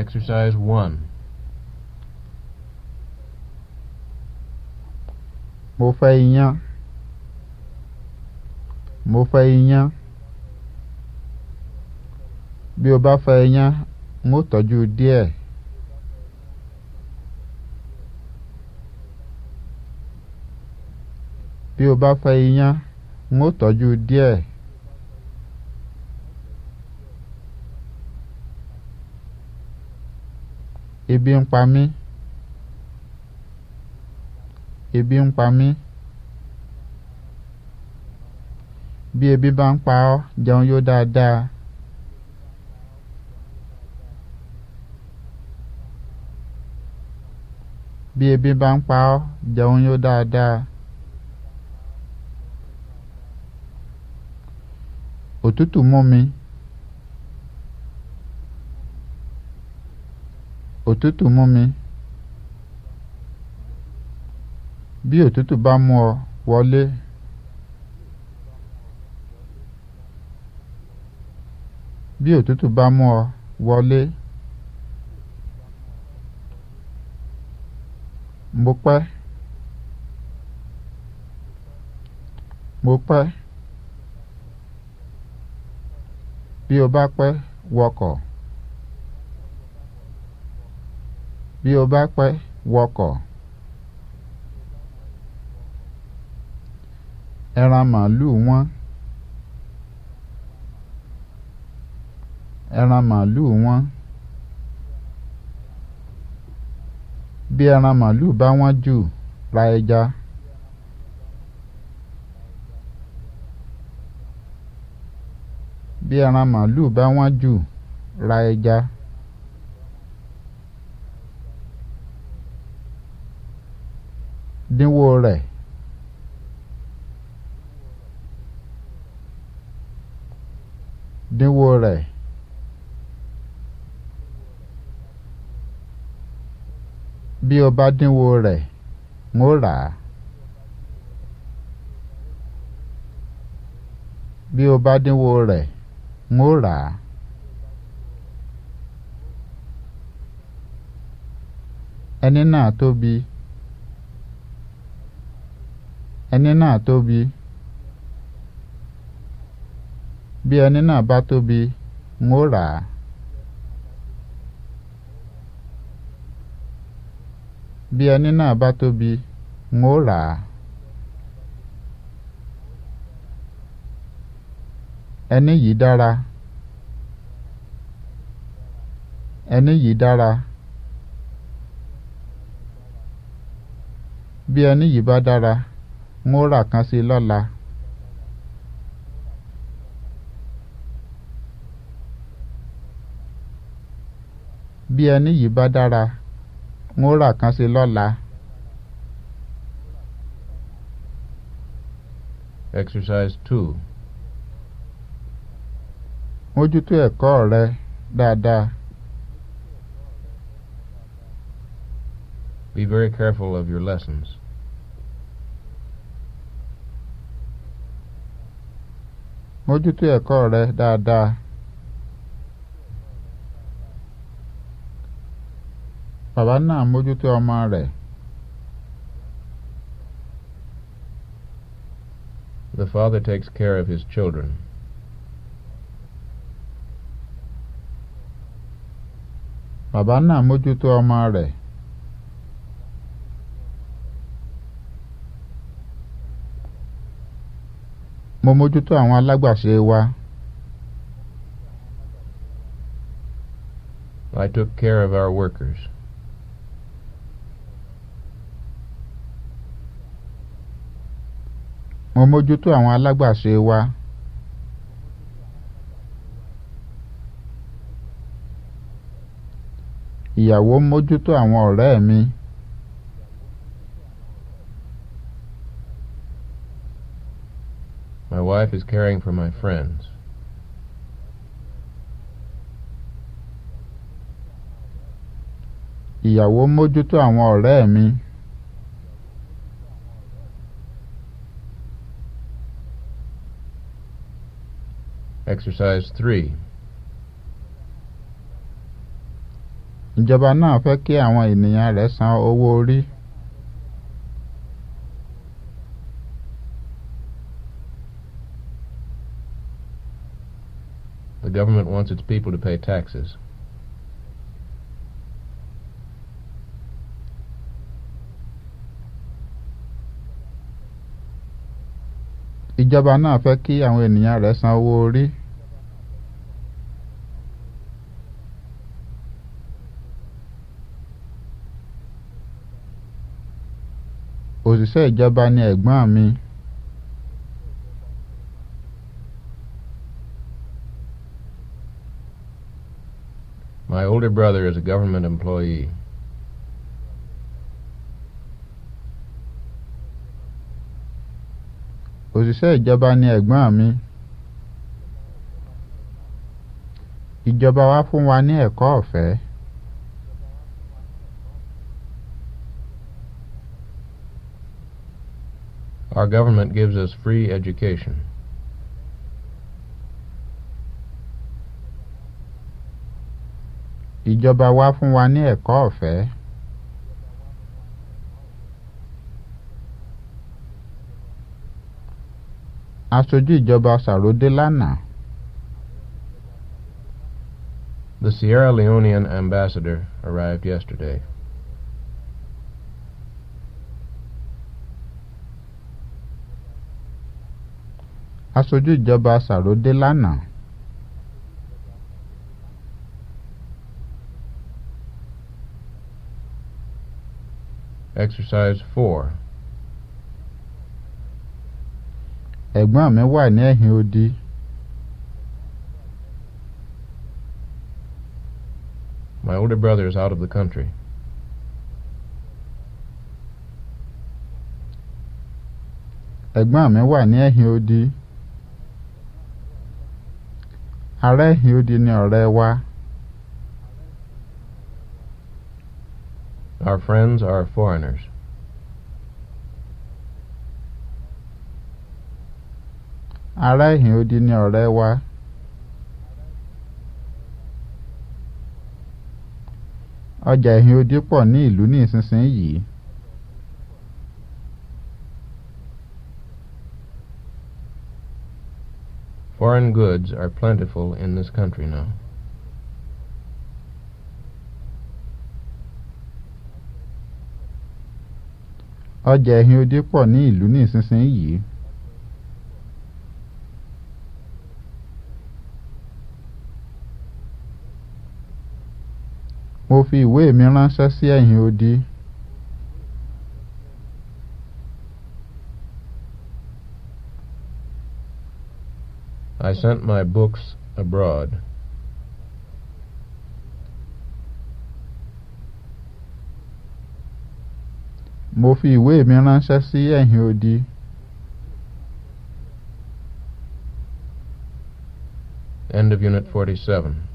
Exercise 1. Mo fẹ́ iyán. Mo fẹ́ iyán. Bí o bá fẹ́ iyán, mo tọ́jú díẹ̀. Bí o bá fẹ́ iyán, mo tọ́jú díẹ̀. ebi ń pa mí ebi ń pa mí bí ebi bá ń pa ọ́ jẹun yó dáadáa bí ebi bá ń pa ọ́ jẹun yó dáadáa òtútù mú mi. òtútù mú mi bí òtútù bá mú ọ wọlé bí òtútù bá mú ọ wọlé mo mo bí o bá pẹ wọkọ bí o bá pẹ́ wọkọ̀ ẹran màálùú wọ́n ẹran màálùú wọ́n bí ẹran màálùú bá wọ́n jù ra ẹja. bí ẹran màálùú bá wọ́n jù ra ẹja. dínwó rẹ̀ dínwó rẹ̀ bí o bá dínwó rẹ̀ ń rà á bí o bá dínwó rẹ̀ ń rà á. ẹni náà tóbi ẹni náà tóbi bí ẹni náà bá tóbi ń ó rà á. bí ẹni náà bá tóbi ń ó rà á. ẹni yìí dára ẹni yìí dára bí ẹni yìí bá dára. n ó rà kan sí lọ́la. bí ẹni yìí bá dára n ó rà kan sí lọ́la. exercise two. mójútó ẹ̀kọ́ rẹ dáadáa. Be very careful of your lessons. mójútó ẹ̀kọ́ rẹ dáadáa bàbá náà mójútó ọmọ rẹ̀ The father takes care of his children. bàbá náà mójútó ọmọ rẹ̀. mo mójútó àwọn alágbàṣe wa. I took care of our workers. mo mójútó àwọn alágbàṣe wa. ìyàwó mójútó àwọn ọ̀rẹ́ mi. My wife is caring for my friends. Ìyàwó mójútó àwọn ọ̀rẹ́ mi. Exercise three. Ìjọba náà fẹ́ kí àwọn ènìyàn rẹ̀ san owó orí. The government wants its people to pay taxes. Ìjọba náà fẹ́ kí àwọn ènìyàn rẹ̀ san owó orí. Òṣìṣẹ́ ìjọba ni ẹ̀gbọ́n mi. My older brother is a government employee. òṣìṣẹ́ ìjọba ni ẹ̀gbọ́n mi ìjọba wa fún wa ní ẹ̀kọ́ ọ̀fẹ́. Our government gives us free education. ìjọba wa fún wa ní ẹ̀kọ́ ọ̀fẹ́. aṣojú ìjọba ṣàròdé lánàá. The Sierra Leonean ambassador arrived yesterday. Aṣojú ìjọba ṣàròdé lánàá. Exercise 4. Ẹ̀gbọ́n mi wà ní ẹ̀yìn odi. My older brother is out of the country. Ẹ̀gbọ́n mi wà ní ẹ̀yìn odi. Ará ẹ̀yìn odi ni ọ̀rẹ́ wa. Our friends are foreigners. ọjà ìhìn odi pọ̀ ní ìlú ní ìsinsìnyí. Foreign goods are plentiful in this country now. ọjà ẹ̀hìn odi pọ̀ ní ìlú ní ìsinsìnyí. mo fi ìwé mi ránṣẹ́ sí ẹ̀hìn odi. I sent my books abroad. mo ìwé mi ránṣẹ́ sí ẹ̀yìn odi. End of Unit 47.